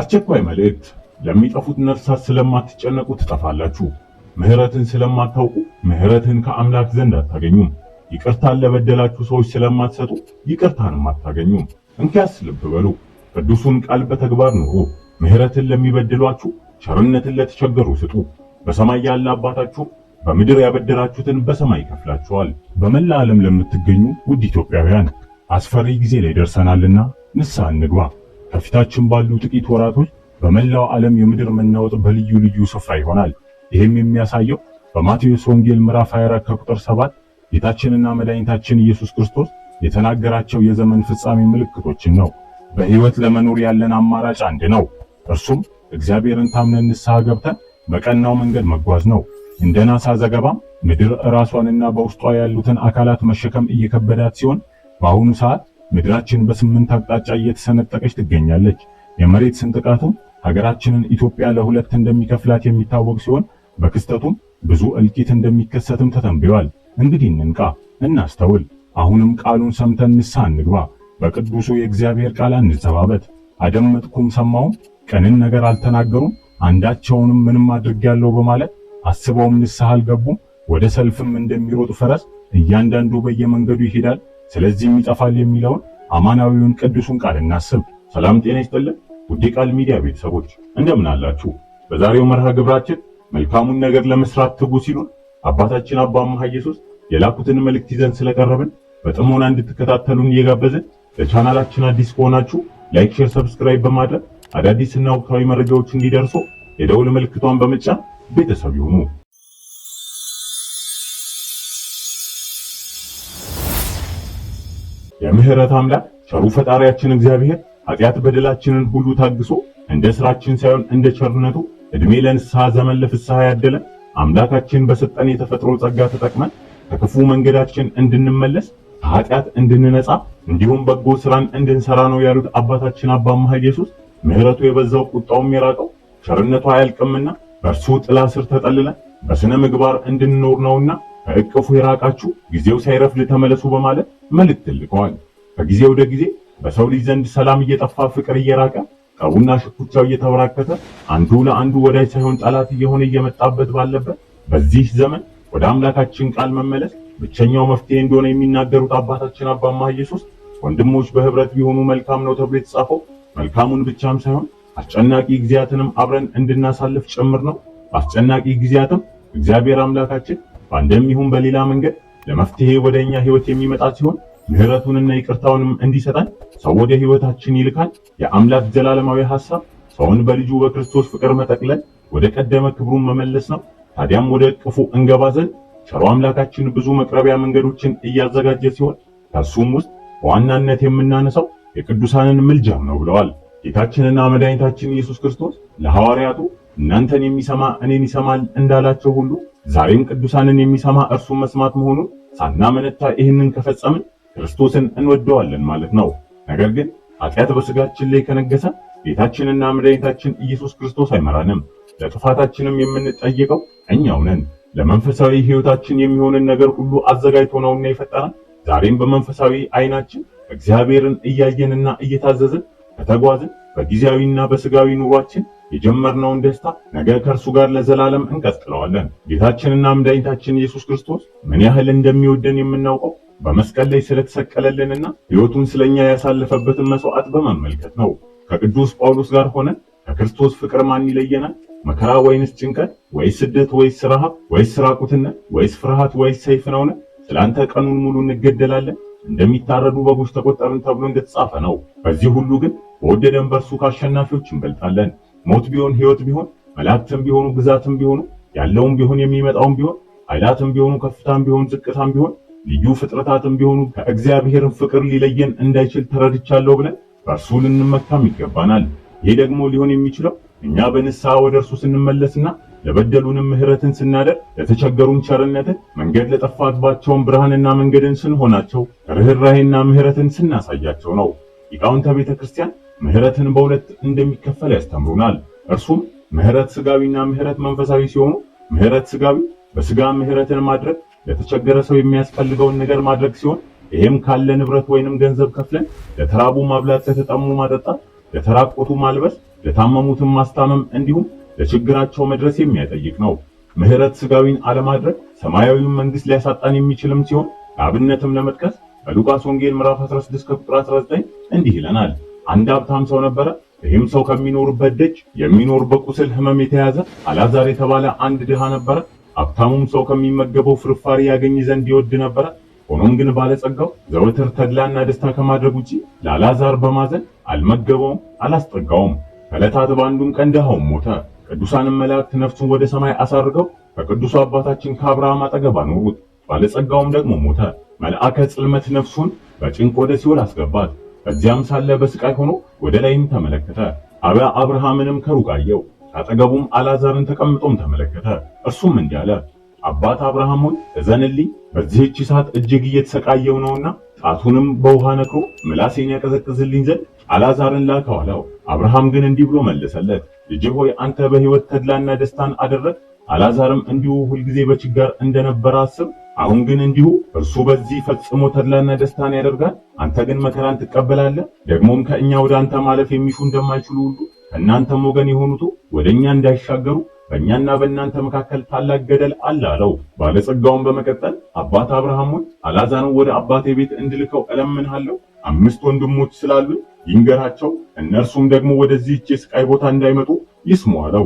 አስቸኳይ መልእክት። ለሚጠፉት ነፍሳት ስለማትጨነቁ ትጠፋላችሁ። ምህረትን ስለማታውቁ ምህረትን ከአምላክ ዘንድ አታገኙም። ይቅርታን ለበደላችሁ ሰዎች ስለማትሰጡ ይቅርታንም አታገኙም። እንኪያስ ልብ በሉ፣ ቅዱሱን ቃል በተግባር ኑሩ። ምህረትን ለሚበድሏችሁ፣ ቸርነትን ለተቸገሩ ስጡ። በሰማይ ያለ አባታችሁ በምድር ያበደራችሁትን በሰማይ ይከፍላችኋል። በመላ ዓለም ለምትገኙ ውድ ኢትዮጵያውያን አስፈሪ ጊዜ ላይ ደርሰናልና ንስሐ እንግባ። ከፊታችን ባሉ ጥቂት ወራቶች በመላው ዓለም የምድር መናወጥ በልዩ ልዩ ስፍራ ይሆናል። ይህም የሚያሳየው በማቴዎስ ወንጌል ምዕራፍ 24 ከቁጥር 7 ጌታችንና መድኃኒታችን ኢየሱስ ክርስቶስ የተናገራቸው የዘመን ፍጻሜ ምልክቶችን ነው። በሕይወት ለመኖር ያለን አማራጭ አንድ ነው። እርሱም እግዚአብሔርን ታምነን ንስሐ ገብተን በቀናው መንገድ መጓዝ ነው። እንደ ናሳ ዘገባም ምድር ራሷንና በውስጧ ያሉትን አካላት መሸከም እየከበዳት ሲሆን በአሁኑ ሰዓት ምድራችን በስምንት አቅጣጫ እየተሰነጠቀች ትገኛለች። የመሬት ስንጥቃቱ ሀገራችንን ኢትዮጵያ ለሁለት እንደሚከፍላት የሚታወቅ ሲሆን በክስተቱም ብዙ እልቂት እንደሚከሰትም ተተንብዮአል። እንግዲህ እንንቃ፣ እናስተውል። አሁንም ቃሉን ሰምተን ንስሐ እንግባ። በቅዱሱ የእግዚአብሔር ቃል አንዘባበት። አደመጥኩም፣ ሰማውም፣ ቀንን ነገር አልተናገሩም፣ አንዳቸውንም ምንም አድርጌያለሁ በማለት አስበውም ንስሐ አልገቡም። ወደ ሰልፍም እንደሚሮጥ ፈረስ እያንዳንዱ በየመንገዱ ይሄዳል። ስለዚህም ይጠፋል የሚለውን አማናዊውን ቅዱሱን ቃል እናስብ። ሰላም ጤና ይስጥልን ውድ ቃል ሚዲያ ቤተሰቦች እንደምን አላችሁ? በዛሬው መርሃ ግብራችን መልካሙን ነገር ለመስራት ትጉ ሲሉን አባታችን አባ አምሃ ኢየሱስ የላኩትን መልእክት ይዘን ስለቀረብን በጥሞና እንድትከታተሉን እየጋበዝን ለቻናላችን አዲስ ከሆናችሁ ላይክ፣ ሼር፣ ሰብስክራይብ በማድረግ አዳዲስና ወቅታዊ መረጃዎች እንዲደርሱ የደውል ምልክቷን በመጫን ቤተሰብ ይሁኑ። የምህረት አምላክ ቸሩ ፈጣሪያችን እግዚአብሔር ኃጢአት በደላችንን ሁሉ ታግሶ እንደ ስራችን ሳይሆን እንደ ቸርነቱ እድሜ ለንስሐ ዘመን ለፍስሐ ያደለን አምላካችን በሰጠን የተፈጥሮ ጸጋ ተጠቅመን ከክፉ መንገዳችን እንድንመለስ ከኃጢአት እንድንነጻ እንዲሁም በጎ ስራን እንድንሰራ ነው ያሉት አባታችን አባ መሐ ኢየሱስ ምህረቱ የበዛው ቁጣውም የራቀው ቸርነቱ አያልቅምና በእርሱ ጥላ ስር ተጠልለን በስነ ምግባር እንድንኖር ነውና ከእቅፉ የራቃችሁ ጊዜው ሳይረፍድ ተመለሱ በማለት መልእክት ልከዋል። ከጊዜ ወደ ጊዜ በሰው ልጅ ዘንድ ሰላም እየጠፋ ፍቅር እየራቀ ጠቡና ሽኩቻው እየተበራከተ አንዱ ለአንዱ ወዳጅ ሳይሆን ጠላት እየሆነ እየመጣበት ባለበት በዚህ ዘመን ወደ አምላካችን ቃል መመለስ ብቸኛው መፍትሄ እንደሆነ የሚናገሩት አባታችን አባማ ኢየሱስ ወንድሞች በህብረት ቢሆኑ መልካም ነው ተብሎ የተጻፈው መልካሙን ብቻም ሳይሆን አስጨናቂ ጊዜያትንም አብረን እንድናሳልፍ ጭምር ነው። በአስጨናቂ ጊዜያትም እግዚአብሔር አምላካችን በአንድም ይሁን በሌላ መንገድ ለመፍትሄ ወደ እኛ ህይወት የሚመጣ ሲሆን ምህረቱንና ይቅርታውንም እንዲሰጠን ሰው ወደ ህይወታችን ይልካል። የአምላክ ዘላለማዊ ሐሳብ ሰውን በልጁ በክርስቶስ ፍቅር መጠቅለል ወደ ቀደመ ክብሩን መመለስ ነው። ታዲያም ወደ እቅፉ እንገባ ዘንድ ሸሮ አምላካችን ብዙ መቅረቢያ መንገዶችን እያዘጋጀ ሲሆን ከሱም ውስጥ በዋናነት የምናነሳው የቅዱሳንን ምልጃም ነው ብለዋል። ጌታችንና መድኃኒታችን ኢየሱስ ክርስቶስ ለሐዋርያቱ እናንተን የሚሰማ እኔን ይሰማል እንዳላቸው ሁሉ ዛሬም ቅዱሳንን የሚሰማ እርሱ መስማት መሆኑን ሳናመነታ ይህንን ከፈጸምን ክርስቶስን እንወደዋለን ማለት ነው። ነገር ግን ኃጢአት በስጋችን ላይ ከነገሰ ጌታችንና መድኃኒታችን ኢየሱስ ክርስቶስ አይመራንም። ለጥፋታችንም የምንጠየቀው እኛው ነን። ለመንፈሳዊ ሕይወታችን የሚሆንን ነገር ሁሉ አዘጋጅቶ ነውና የፈጠረን። ዛሬም በመንፈሳዊ ዓይናችን እግዚአብሔርን እያየንና እየታዘዝን ከተጓዝን በጊዜያዊና በስጋዊ ኑሯችን የጀመርነውን ደስታ ነገ ከእርሱ ጋር ለዘላለም እንቀጥለዋለን። ጌታችንና መድኃኒታችን ኢየሱስ ክርስቶስ ምን ያህል እንደሚወደን የምናውቀው በመስቀል ላይ ስለተሰቀለልንና ሕይወቱን ስለኛ ያሳለፈበትን መስዋዕት በመመልከት ነው። ከቅዱስ ጳውሎስ ጋር ሆነን ከክርስቶስ ፍቅር ማን ይለየናል? መከራ ወይንስ ጭንቀት ወይስ ስደት ወይስ ረሃብ ወይስ ራቁትነት ወይስ ፍርሃት ወይስ ሰይፍ ነውን? ስለአንተ ቀኑን ሙሉ እንገደላለን እንደሚታረዱ በጎች ተቆጠርን ተብሎ እንደተጻፈ ነው። በዚህ ሁሉ ግን በወደደን በእርሱ ከአሸናፊዎች እንበልጣለን። ሞት ቢሆን ሕይወት ቢሆን መላእክትም ቢሆኑ ግዛትም ቢሆኑ ያለውም ቢሆን የሚመጣውም ቢሆን ኃይላትም ቢሆኑ ከፍታም ቢሆን ዝቅታም ቢሆን ልዩ ፍጥረታትም ቢሆኑ ከእግዚአብሔርን ፍቅር ሊለየን እንዳይችል ተረድቻለሁ ብለን በእርሱ ልንመካም ይገባናል። ይህ ደግሞ ሊሆን የሚችለው እኛ በንስሐ ወደ እርሱ ስንመለስና ለበደሉንም ምሕረትን ስናደርግ ለተቸገሩን ቸርነትን መንገድ ለጠፋባቸውን ብርሃንና መንገድን ስንሆናቸው ርኅራሄና ምሕረትን ስናሳያቸው ነው። ሊቃውንተ ቤተ ክርስቲያን ምሕረትን በሁለት እንደሚከፈል ያስተምሩናል። እርሱም ምሕረት ስጋዊና ምሕረት መንፈሳዊ ሲሆኑ ምሕረት ስጋዊ በስጋ ምሕረትን ማድረግ ለተቸገረ ሰው የሚያስፈልገውን ነገር ማድረግ ሲሆን ይህም ካለ ንብረት ወይንም ገንዘብ ከፍለን ለተራቡ ማብላት፣ ለተጠሙ ማጠጣት፣ ለተራቆቱ ማልበስ፣ ለታመሙትን ማስታመም እንዲሁም ለችግራቸው መድረስ የሚያጠይቅ ነው። ምሕረት ስጋዊን አለማድረግ ሰማያዊውን መንግስት ሊያሳጣን የሚችልም ሲሆን ለአብነትም ለመጥቀስ በሉቃስ ወንጌል ምዕራፍ 16 ቁጥር 19 እንዲህ ይለናል። አንድ ሀብታም ሰው ነበረ። ይህም ሰው ከሚኖርበት ደጅ የሚኖር በቁስል ሕመም የተያዘ አላዛር የተባለ አንድ ድሃ ነበረ። ሀብታሙም ሰው ከሚመገበው ፍርፋሪ ያገኝ ዘንድ ይወድ ነበረ። ሆኖም ግን ባለጸጋው ዘወትር ተድላና ደስታ ከማድረግ ውጪ ለአላዛር በማዘን አልመገበውም፣ አላስጠጋውም። ከዕለታት በአንዱም ቀን ድሃውም ሞተ። ቅዱሳንም መላእክት ነፍሱን ወደ ሰማይ አሳርገው ከቅዱሱ አባታችን ከአብርሃም አጠገብ አኖሩት። ባለጸጋውም ደግሞ ሞተ። መልአከ ጽልመት ነፍሱን በጭንቅ ወደ ሲኦል አስገባት። በዚያም ሳለ በስቃይ ሆኖ ወደ ላይም ተመለከተ። አብያ አብርሃምንም ከሩቅ አየው። አጠገቡም አላዛርን ተቀምጦም ተመለከተ። እርሱም እንዲህ አለ፣ አባት አብርሃም ሆይ እዘንልኝ፣ በዚህች ሰዓት እጅግ እየተሰቃየው ነውና ጣቱንም በውሃ ነክሮ ምላሴን ያቀዘቅዝልኝ ዘንድ አላዛርን ላከው አለው። አብርሃም ግን እንዲህ ብሎ መለሰለት ልጅ ሆይ አንተ በሕይወት ተድላና ደስታን አደረግ። አላዛርም እንዲሁ ሁልጊዜ በችጋር እንደነበረ አስብ። አሁን ግን እንዲሁ እርሱ በዚህ ፈጽሞ ተድላና ደስታን ያደርጋል፣ አንተ ግን መከራን ትቀበላለህ። ደግሞም ከእኛ ወደ አንተ ማለፍ የሚሹ እንደማይችሉ ሁሉ ከእናንተም ወገን የሆኑት ወደ እኛ እንዳይሻገሩ በእኛና በእናንተ መካከል ታላቅ ገደል አለ አለው። ባለጸጋውን በመቀጠል አባት አብርሃም ሆይ አልዓዛርን ወደ አባቴ ቤት እንድልከው እለምንሃለሁ፣ አምስት ወንድሞች ስላሉኝ ይንገራቸው፣ እነርሱም ደግሞ ወደዚህች የስቃይ ቦታ እንዳይመጡ ይስሙ አለው።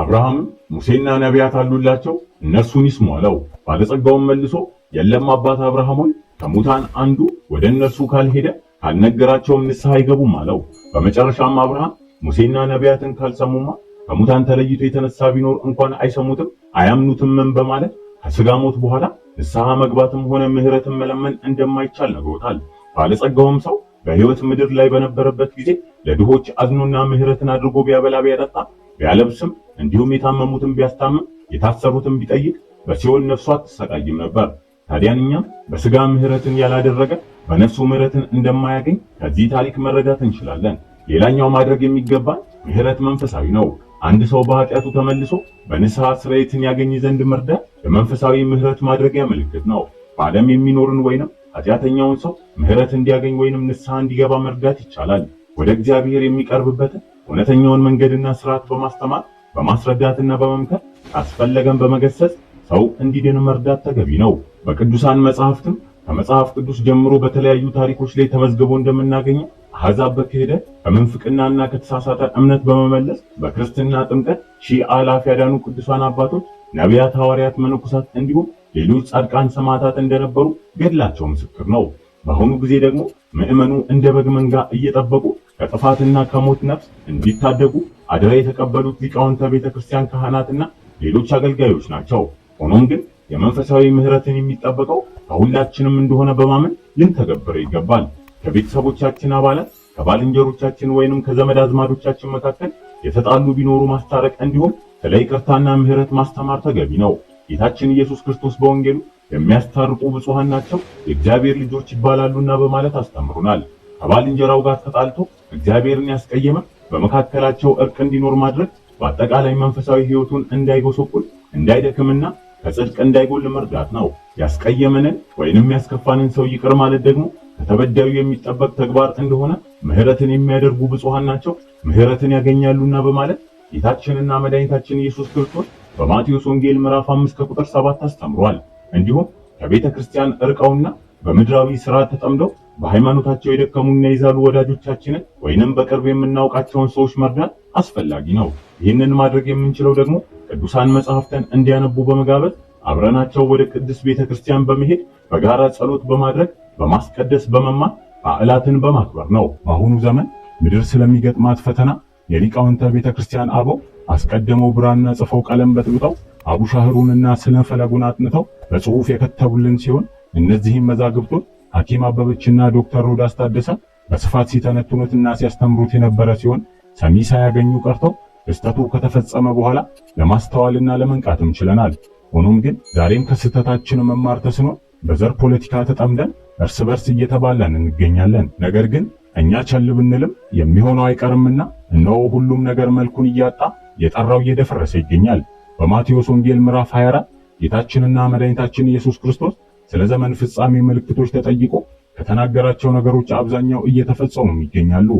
አብርሃምም ሙሴና ነቢያት አሉላቸው፣ እነርሱን ይስሙ አለው። ባለጸጋውም መልሶ የለም አባት አብርሃም ሆይ ከሙታን አንዱ ወደ እነርሱ ካልሄደ ካልነገራቸውም ንስሐ አይገቡም አለው። በመጨረሻም አብርሃም ሙሴና ነቢያትን ካልሰሙማ ከሙታን ተለይቶ የተነሳ ቢኖር እንኳን አይሰሙትም አያምኑትምም በማለት ከስጋ ሞት በኋላ ንስሐ መግባትም ሆነ ምሕረትን መለመን እንደማይቻል ነግሮታል። ባለጸጋውም ሰው በሕይወት ምድር ላይ በነበረበት ጊዜ ለድሆች አዝኖና ምሕረትን አድርጎ ቢያበላ ቢያጠጣ ቢያለብስም እንዲሁም የታመሙትን ቢያስታምም የታሰሩትን ቢጠይቅ በሲኦል ነፍሱ አትሰቃይም ነበር። ታዲያን እኛም በሥጋ ምሕረትን ያላደረገ በነፍሱ ምሕረትን እንደማያገኝ ከዚህ ታሪክ መረዳት እንችላለን። ሌላኛው ማድረግ የሚገባን ምሕረት መንፈሳዊ ነው። አንድ ሰው በኃጢአቱ ተመልሶ በንስሐ ስርየትን ያገኝ ዘንድ መርዳት የመንፈሳዊ ምሕረት ማድረጊያ ምልክት ነው። በዓለም የሚኖርን ወይንም ኃጢአተኛውን ሰው ምሕረት እንዲያገኝ ወይንም ንስሐ እንዲገባ መርዳት ይቻላል። ወደ እግዚአብሔር የሚቀርብበትን እውነተኛውን መንገድና ስርዓት በማስተማር በማስረዳትና በመምከር ካስፈለገን በመገሰጽ ሰው እንዲድን መርዳት ተገቢ ነው። በቅዱሳን መጽሐፍትም ከመጽሐፍ ቅዱስ ጀምሮ በተለያዩ ታሪኮች ላይ ተመዝግቦ እንደምናገኘው አሕዛብ በክህደት ከምንፍቅናና ከተሳሳተ እምነት በመመለስ በክርስትና ጥምቀት ሺህ አላፍ ያዳኑ ቅዱሳን አባቶች፣ ነቢያት፣ ሐዋርያት፣ መነኮሳት እንዲሁም ሌሎች ጻድቃን ሰማዕታት እንደነበሩ ገድላቸው ምስክር ነው። በአሁኑ ጊዜ ደግሞ ምዕመኑ እንደ በግ መንጋ እየጠበቁ ከጥፋትና ከሞት ነፍስ እንዲታደጉ አደራ የተቀበሉት ሊቃውንተ ቤተ ክርስቲያን ካህናትና ሌሎች አገልጋዮች ናቸው። ሆኖም ግን የመንፈሳዊ ምሕረትን የሚጠበቀው ከሁላችንም እንደሆነ በማመን ልንተገብረው ይገባል። ከቤተሰቦቻችን አባላት፣ ከባልንጀሮቻችን ወይንም ከዘመድ አዝማዶቻችን መካከል የተጣሉ ቢኖሩ ማስታረቅ፣ እንዲሁም ስለ ይቅርታና ምሕረት ማስተማር ተገቢ ነው። ጌታችን ኢየሱስ ክርስቶስ በወንጌሉ የሚያስታርቁ ብፁዓን ናቸው የእግዚአብሔር ልጆች ይባላሉና በማለት አስተምሩናል። ከባልንጀራው ጋር ተጣልቶ እግዚአብሔርን ያስቀየመ በመካከላቸው እርቅ እንዲኖር ማድረግ በአጠቃላይ መንፈሳዊ ሕይወቱን እንዳይጎሰቁል እንዳይደክምና ከጽድቅ እንዳይጎል መርዳት ነው። ያስቀየመንን ወይንም ያስከፋንን ሰው ይቅር ማለት ደግሞ ከተበዳዩ የሚጠበቅ ተግባር እንደሆነ ምሕረትን የሚያደርጉ ብፁዓን ናቸው ምሕረትን ያገኛሉና በማለት ጌታችንና መድኃኒታችን ኢየሱስ ክርስቶስ በማቴዎስ ወንጌል ምዕራፍ 5 ከቁጥር 7 አስተምሯል። እንዲሁም ከቤተ ክርስቲያን እርቀውና በምድራዊ ስራ ተጠምደው በሃይማኖታቸው የደከሙና የዛሉ ወዳጆቻችንን ወይንም በቅርብ የምናውቃቸውን ሰዎች መርዳት አስፈላጊ ነው። ይህንን ማድረግ የምንችለው ደግሞ ቅዱሳን መጽሐፍትን እንዲያነቡ በመጋበዝ አብረናቸው ወደ ቅድስት ቤተ ክርስቲያን በመሄድ በጋራ ጸሎት በማድረግ በማስቀደስ በመማር በዓላትን በማክበር ነው። በአሁኑ ዘመን ምድር ስለሚገጥማት ፈተና የሊቃውንተ ቤተ ክርስቲያን አበው አስቀድመው ብራና ጽፈው ቀለም በጥብጠው አቡሻህሩንና ስነ ፈለጉን አጥንተው በጽሑፍ የከተቡልን ሲሆን እነዚህም መዛግብቶች ሐኪም አበበችና ዶክተር ሮዳስ ታደሰ በስፋት ሲተነትኑትና ሲያስተምሩት የነበረ ሲሆን ሰሚ ሳያገኙ ቀርተው ክስተቱ ከተፈጸመ በኋላ ለማስተዋልና ለመንቃትም ችለናል። ሆኖም ግን ዛሬም ከስህተታችን መማር ተስኖ በዘር ፖለቲካ ተጠምደን እርስ በርስ እየተባላን እንገኛለን። ነገር ግን እኛ ቸል ብንልም የሚሆነው አይቀርምና እነሆ ሁሉም ነገር መልኩን እያጣ የጠራው እየደፈረሰ ይገኛል። በማቴዎስ ወንጌል ምዕራፍ 24 ጌታችንና መድኃኒታችን ኢየሱስ ክርስቶስ ስለ ዘመን ፍጻሜ ምልክቶች ተጠይቆ ከተናገራቸው ነገሮች አብዛኛው እየተፈጸሙም ይገኛሉ።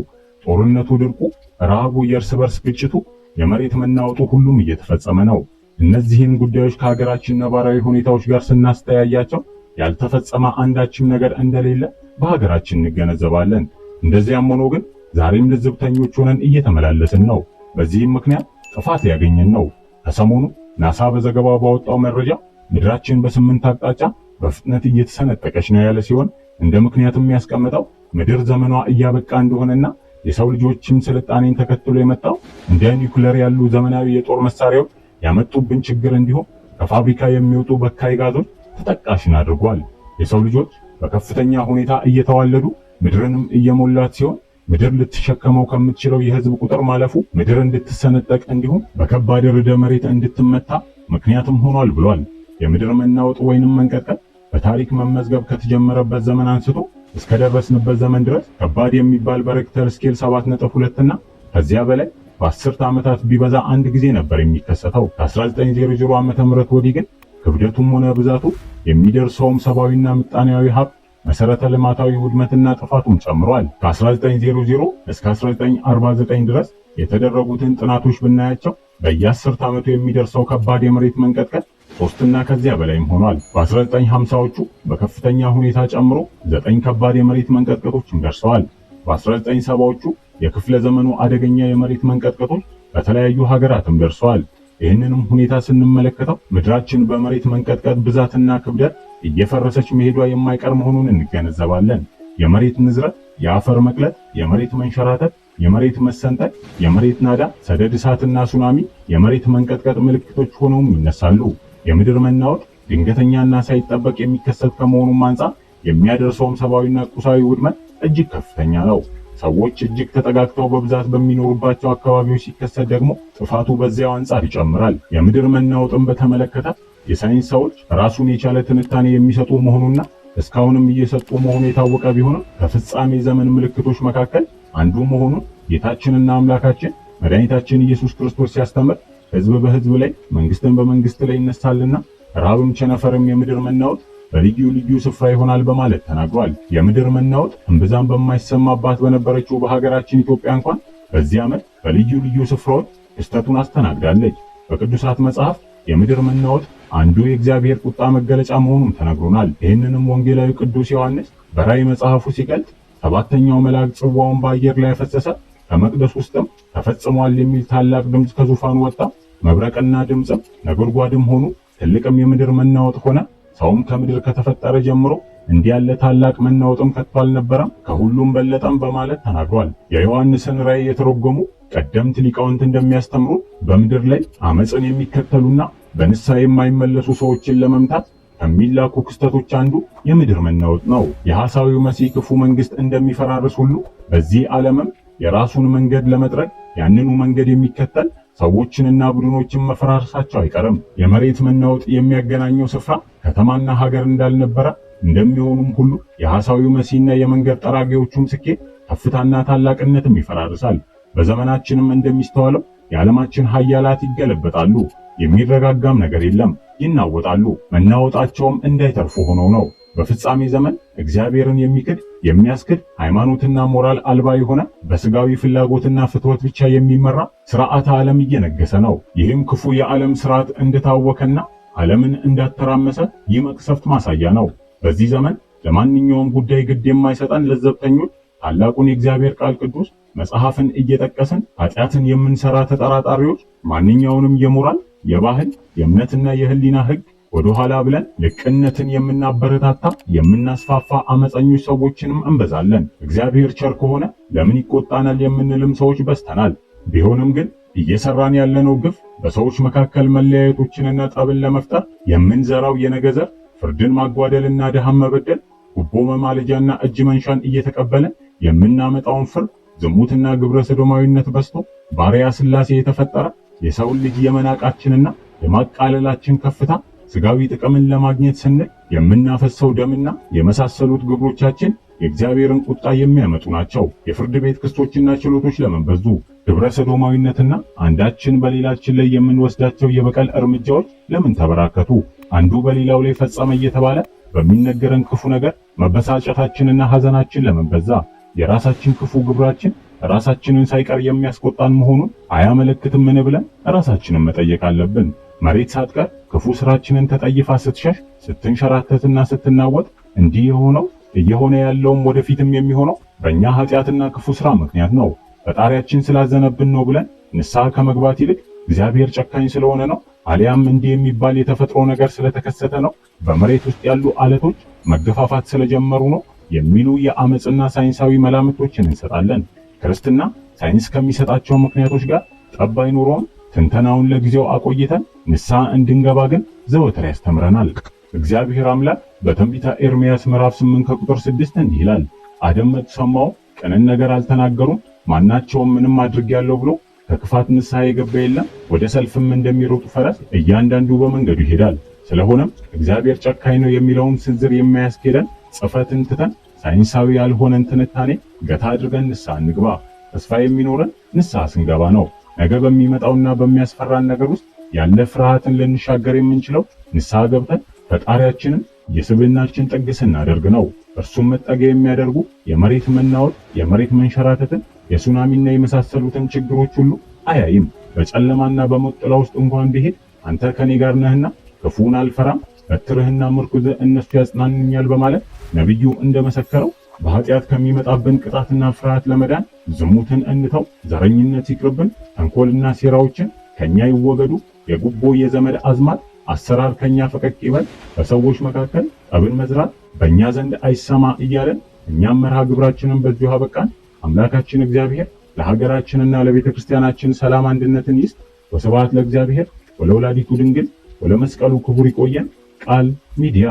ጦርነቱ፣ ድርቁ፣ ረሃቡ፣ የእርስ በርስ ግጭቱ፣ የመሬት መናወጡ ሁሉም እየተፈጸመ ነው። እነዚህን ጉዳዮች ከሀገራችን ነባራዊ ሁኔታዎች ጋር ስናስተያያቸው ያልተፈጸመ አንዳችም ነገር እንደሌለ በሀገራችን እንገነዘባለን። እንደዚያም ሆኖ ግን ዛሬም ልዝብተኞች ሆነን እየተመላለስን ነው። በዚህም ምክንያት ጥፋት ያገኘን ነው። ከሰሞኑ ናሳ በዘገባ ባወጣው መረጃ ምድራችን በስምንት አቅጣጫ በፍጥነት እየተሰነጠቀች ነው ያለ ሲሆን እንደ ምክንያትም የሚያስቀምጠው ምድር ዘመኗ እያበቃ እንደሆነና የሰው ልጆችም ስልጣኔን ተከትሎ የመጣው እንደ ኒውክለር ያሉ ዘመናዊ የጦር መሳሪያዎች ያመጡብን ችግር እንዲሁም ከፋብሪካ የሚወጡ በካይ ጋዞች ተጠቃሽን አድርጓል። የሰው ልጆች በከፍተኛ ሁኔታ እየተዋለዱ ምድርንም እየሞላት ሲሆን ምድር ልትሸከመው ከምትችለው የህዝብ ቁጥር ማለፉ ምድር እንድትሰነጠቅ እንዲሁም በከባድ ርዕደ መሬት እንድትመታ ምክንያትም ሆኗል ብሏል። የምድር መናወጥ ወይንም መንቀጥቀጥ በታሪክ መመዝገብ ከተጀመረበት ዘመን አንስቶ እስከ ዘመን ድረስ ከባድ የሚባል በሬክተር ስኬል 7.2 እና ከዚያ በላይ በአስርተ ዓመታት ቢበዛ አንድ ጊዜ ነበር የሚከሰተው። ከ1900 ም ወዲህ ግን ክብደቱም ሆነ ብዛቱ የሚደርሰውም ሰብአዊና ምጣኔያዊ ሀብት መሰረተ ልማታዊ ውድመትና ጥፋቱም ጨምሯል። ከ1900 እስከ 1949 ድረስ የተደረጉትን ጥናቶች ብናያቸው በየአስርት ዓመቱ የሚደርሰው ከባድ የመሬት መንቀጥቀጥ ሶስትና ከዚያ በላይም ሆኗል። በ1950ዎቹ በከፍተኛ ሁኔታ ጨምሮ ዘጠኝ ከባድ የመሬት መንቀጥቀጦችም ደርሰዋል። በ1970ዎቹ የክፍለ ዘመኑ አደገኛ የመሬት መንቀጥቀጦች በተለያዩ ሀገራትም ደርሰዋል። ይህንንም ሁኔታ ስንመለከተው ምድራችን በመሬት መንቀጥቀጥ ብዛትና ክብደት እየፈረሰች መሄዷ የማይቀር መሆኑን እንገነዘባለን። የመሬት ንዝረት፣ የአፈር መቅለጥ፣ የመሬት መንሸራተት፣ የመሬት መሰንጠቅ፣ የመሬት ናዳ፣ ሰደድ እሳትና ሱናሚ የመሬት መንቀጥቀጥ ምልክቶች ሆነውም ይነሳሉ። የምድር መናወጥ ድንገተኛና ሳይጠበቅ የሚከሰት ከመሆኑም አንጻር የሚያደርሰውም ሰብአዊና ቁሳዊ ውድመት እጅግ ከፍተኛ ነው። ሰዎች እጅግ ተጠጋግተው በብዛት በሚኖሩባቸው አካባቢዎች ሲከሰት ደግሞ ጥፋቱ በዚያው አንጻር ይጨምራል። የምድር መናወጥን በተመለከተ የሳይንስ ሰዎች ራሱን የቻለ ትንታኔ የሚሰጡ መሆኑና እስካሁንም እየሰጡ መሆኑ የታወቀ ቢሆንም ከፍጻሜ ዘመን ምልክቶች መካከል አንዱ መሆኑን ጌታችንና አምላካችን መድኃኒታችን ኢየሱስ ክርስቶስ ሲያስተምር ሕዝብ በሕዝብ ላይ መንግስትን በመንግስት ላይ ይነሳልና ራብም ቸነፈርም የምድር መናወጥ በልዩ ልዩ ስፍራ ይሆናል በማለት ተናግሯል። የምድር መናወጥ እምብዛም በማይሰማባት በነበረችው በሀገራችን ኢትዮጵያ እንኳን በዚህ ዓመት በልዩ ልዩ ስፍራዎች ክስተቱን አስተናግዳለች። በቅዱሳት መጽሐፍ የምድር መናወጥ አንዱ የእግዚአብሔር ቁጣ መገለጫ መሆኑን ተነግሮናል። ይህንንም ወንጌላዊ ቅዱስ ዮሐንስ በራእይ መጽሐፉ ሲገልጥ ሰባተኛው መልአክ ጽዋውን በአየር ላይ ያፈሰሰ፣ ከመቅደስ ውስጥም ተፈጽሟል የሚል ታላቅ ድምፅ ከዙፋኑ ወጣ። መብረቅና ድምፅም ነጎድጓድም ሆኑ፣ ትልቅም የምድር መናወጥ ሆነ። ሰውም ከምድር ከተፈጠረ ጀምሮ እንዲህ ያለ ታላቅ መናወጥም ከቶ አልነበረም፣ ከሁሉም በለጠም በማለት ተናግሯል። የዮሐንስን ራእይ የተረጎሙ ቀደምት ሊቃውንት እንደሚያስተምሩ በምድር ላይ አመፅን የሚከተሉና በንስሐ የማይመለሱ ሰዎችን ለመምታት ከሚላኩ ክስተቶች አንዱ የምድር መናወጥ ነው። የሐሳዊው መሲህ ክፉ መንግስት እንደሚፈራርስ ሁሉ በዚህ ዓለምም የራሱን መንገድ ለመጥረግ ያንኑ መንገድ የሚከተል ሰዎችንና ቡድኖችን መፈራረሳቸው አይቀርም። የመሬት መናወጥ የሚያገናኘው ስፍራ ከተማና ሀገር እንዳልነበረ እንደሚሆኑም ሁሉ የሐሳዊው መሲና የመንገድ ጠራጊዎቹም ስኬት ከፍታና ታላቅነትም ይፈራርሳል። በዘመናችንም እንደሚስተዋለው የዓለማችን ሀያላት ይገለበጣሉ። የሚረጋጋም ነገር የለም። ይናወጣሉ። መናወጣቸውም እንዳይተርፉ ሆነው ነው። በፍጻሜ ዘመን እግዚአብሔርን የሚክድ የሚያስክድ ሃይማኖትና ሞራል አልባ የሆነ በስጋዊ ፍላጎትና ፍትወት ብቻ የሚመራ ስርዓተ ዓለም እየነገሰ ነው። ይህም ክፉ የዓለም ስርዓት እንደታወከና ዓለምን እንዳተራመሰ ይህ መቅሰፍት ማሳያ ነው። በዚህ ዘመን ለማንኛውም ጉዳይ ግድ የማይሰጠን ለዘብተኞች ታላቁን የእግዚአብሔር ቃል ቅዱስ መጽሐፍን እየጠቀስን ኃጢአትን የምንሰራ ተጠራጣሪዎች ማንኛውንም የሞራል የባህል የእምነትና የህሊና ህግ ወደ ኋላ ብለን ልቅነትን የምናበረታታ የምናስፋፋ አመፀኞች ሰዎችንም እንበዛለን። እግዚአብሔር ቸር ከሆነ ለምን ይቆጣናል የምንልም ሰዎች በዝተናል። ቢሆንም ግን እየሰራን ያለነው ግፍ በሰዎች መካከል መለያየቶችንና ጠብን ለመፍጠር የምንዘራው የነገ ዘር ፍርድን ማጓደልና ድሃን መበደል፣ ጉቦ መማለጃና እጅ መንሻን እየተቀበለ የምናመጣውን ፍርድ ዝሙትና ግብረ ሰዶማዊነት በዝቶ ባሪያ ስላሴ የተፈጠረ የሰውን ልጅ የመናቃችንና የማቃለላችን ከፍታ ስጋዊ ጥቅምን ለማግኘት ስንል የምናፈሰው ደምና የመሳሰሉት ግብሮቻችን የእግዚአብሔርን ቁጣ የሚያመጡ ናቸው። የፍርድ ቤት ክስቶችና ችሎቶች ለመንበዙ በዙ? ግብረ ሰዶማዊነትና አንዳችን በሌላችን ላይ የምንወስዳቸው የበቀል እርምጃዎች ለምን ተበራከቱ? አንዱ በሌላው ላይ ፈጸመ እየተባለ በሚነገረን ክፉ ነገር መበሳጨታችንና ሐዘናችን ለምን በዛ? የራሳችን ክፉ ግብራችን ራሳችንን ሳይቀር የሚያስቆጣን መሆኑን አያመለክትምን ብለን ራሳችንን መጠየቅ አለብን። መሬት ሳትቀር ክፉ ስራችንን ተጠይፋ ስትሸሽ ስትንሸራተትና ስትናወጥ እንዲህ የሆነው እየሆነ ያለውም ወደፊትም የሚሆነው በእኛ ኃጢአትና ክፉ ስራ ምክንያት ነው፣ ፈጣሪያችን ስላዘነብን ነው ብለን ንስሐ ከመግባት ይልቅ እግዚአብሔር ጨካኝ ስለሆነ ነው አሊያም እንዲህ የሚባል የተፈጥሮ ነገር ስለተከሰተ ነው፣ በመሬት ውስጥ ያሉ አለቶች መገፋፋት ስለጀመሩ ነው የሚሉ የአመፅና ሳይንሳዊ መላምቶችን እንሰጣለን። ክርስትና ሳይንስ ከሚሰጣቸው ምክንያቶች ጋር ጠብ አይኖረውም። ትንተናውን ለጊዜው አቆይተን ንስሐ እንድንገባ ግን ዘወትር ያስተምረናል። እግዚአብሔር አምላክ በትንቢተ ኤርምያስ ምዕራፍ 8 ከቁጥር 6 እንዲህ ይላል፣ አደመጡ፣ ሰማሁ፣ ቅንን ነገር አልተናገሩም፣ ማናቸውም ምንም አድርጌያለሁ ብሎ ከክፋት ንስሐ የገባ የለም። ወደ ሰልፍም እንደሚሮጡ ፈረስ እያንዳንዱ በመንገዱ ይሄዳል። ስለሆነም እግዚአብሔር ጨካኝ ነው የሚለውን ስንዝር የማያስኬደን ጽፈትን ትተን ሳይንሳዊ ያልሆነን ትንታኔ ገታ አድርገን ንስሐ እንግባ። ተስፋ የሚኖረን ንስሐ ስንገባ ነው። ነገ በሚመጣውና በሚያስፈራን ነገር ውስጥ ያለ ፍርሃትን ልንሻገር የምንችለው ንስሐ ገብተን ፈጣሪያችንን የስብናችን ጥግ ስናደርግ ነው። እርሱም መጠጊያ የሚያደርጉ የመሬት መናወጥ፣ የመሬት መንሸራተትን፣ የሱናሚና የመሳሰሉትን ችግሮች ሁሉ አያይም። በጨለማና በሞት ጥላ ውስጥ እንኳን ቢሄድ አንተ ከኔ ጋር ነህና ክፉን አልፈራም፣ በትርህና ምርኩዝ እነሱ ያጽናኑኛል በማለት ነቢዩ እንደመሰከረው በኃጢአት ከሚመጣብን ቅጣትና ፍርሃት ለመዳን ዝሙትን እንተው፣ ዘረኝነት ይቅርብን፣ ተንኮልና ሴራዎችን ከኛ ይወገዱ፣ የጉቦ የዘመድ አዝማድ አሰራር ከኛ ፈቀቅ ይበል፣ በሰዎች መካከል ጠብን መዝራት በእኛ ዘንድ አይሰማ እያለን እኛም መርሃ ግብራችንን በዚሁ አበቃን። አምላካችን እግዚአብሔር ለሀገራችንና ለቤተ ክርስቲያናችን ሰላም አንድነትን ይስጥ። ወስብሐት ለእግዚአብሔር ወለወላዲቱ ድንግል ወለመስቀሉ ክቡር ይቆየን። ቃል ሚዲያ